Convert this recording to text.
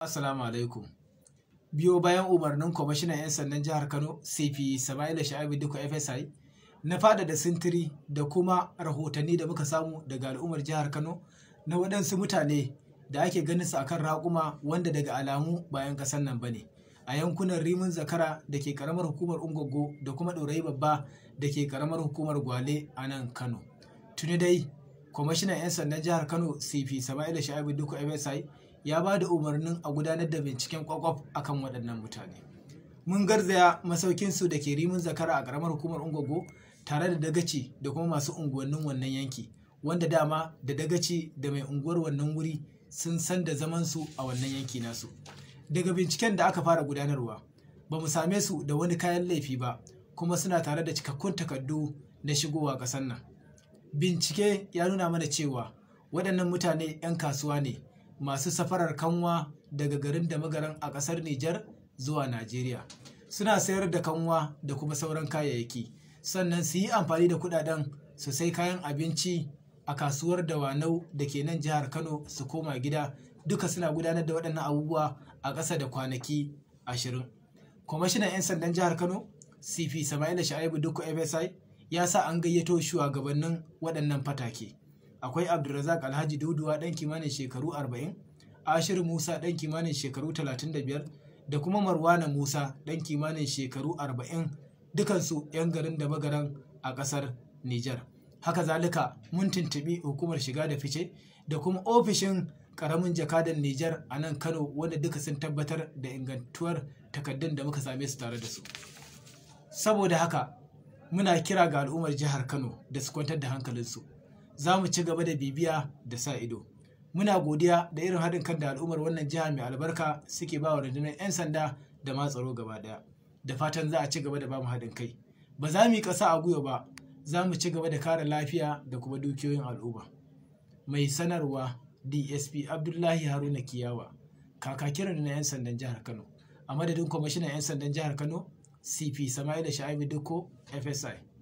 Assalamu alaikum. Biyo bayan umarnin kwamishinan 'yan sandan jihar Kano, CP Sama'ila Sha'abi Duka FSI, na fada da sintiri da kuma rahotanni da muka samu daga al'ummar jihar Kano na waɗansu mutane da ake ganin su akan raƙuma wanda daga alamu bayan ƙasar nan bane. A yankunan Rimin Zakara da ke ƙaramar hukumar Ungoggo da kuma Ɗorayi Babba da ke ƙaramar hukumar Gwale a nan Kano. Tuni dai, kwamishinan 'yan sandan jihar Kano, CP Sama'ila Sha'abi Duka FSI, ya ba da umarnin a gudanar da binciken kwakwaf kan waɗannan mutane mun garzaya masaukinsu da ke rimin zakara a ƙaramar hukumar ungogo tare da dagaci da kuma masu unguwannin wannan yanki wanda dama da dagaci da mai unguwar wannan wuri sun san da zamansu a wannan yanki nasu daga binciken da aka fara gudanarwa ba mu same su da wani kayan laifi ba kuma suna tare da cikakkun takardu na shigowa ƙasar nan bincike ya nuna mana cewa waɗannan mutane 'yan kasuwa ne masu safarar kanwa daga garin da magaran a ƙasar Nijar zuwa Najeriya. Suna sayar da kanwa da kuma sauran kayayyaki, sannan su yi amfani da kuɗaɗen su sai kayan abinci a kasuwar da wanau da ke nan jihar Kano su koma gida duka suna gudanar da waɗannan abubuwa a ƙasa da kwanaki ashirin. Kwamishinan 'yan sandan jihar Kano, CP Sama'ila Sha'ibu duk FSI, ya sa an gayyato shugabannin waɗannan fatake. akwai abdulrazak alhaji duduwa ɗan kimanin shekaru 40 ashir musa ɗan kimanin shekaru 35 da kuma marwana musa ɗan kimanin shekaru 40 dukansu 'yan garin da magaran a ƙasar niger haka zalika mun tuntuɓi hukumar shiga da fice da kuma ofishin ƙaramin jakadan niger a nan kano wanda duka sun tabbatar da ingantuwar takaddun da muka same su tare da su saboda haka muna kira ga al'ummar jihar kano da su kwantar da hankalinsu za mu ci gaba da bibiya da sa ido. Muna godiya da irin haɗin kan da al'ummar wannan jiha mai albarka suke ba wa rundunar 'yan sanda da ma tsaro gaba ɗaya. Da fatan za a ci gaba da ba mu haɗin kai. Ba za mu yi ƙasa a gwiwa ba, za mu ci gaba da kare lafiya da kuma dukiyoyin al'umma. Mai sanarwa DSP Abdullahi Haruna Kiyawa, kakakin na 'yan sandan jihar Kano, a madadin kwamishinan 'yan sandan jihar Kano, CP Sama'ila Sha'ibu Dukko, FSI.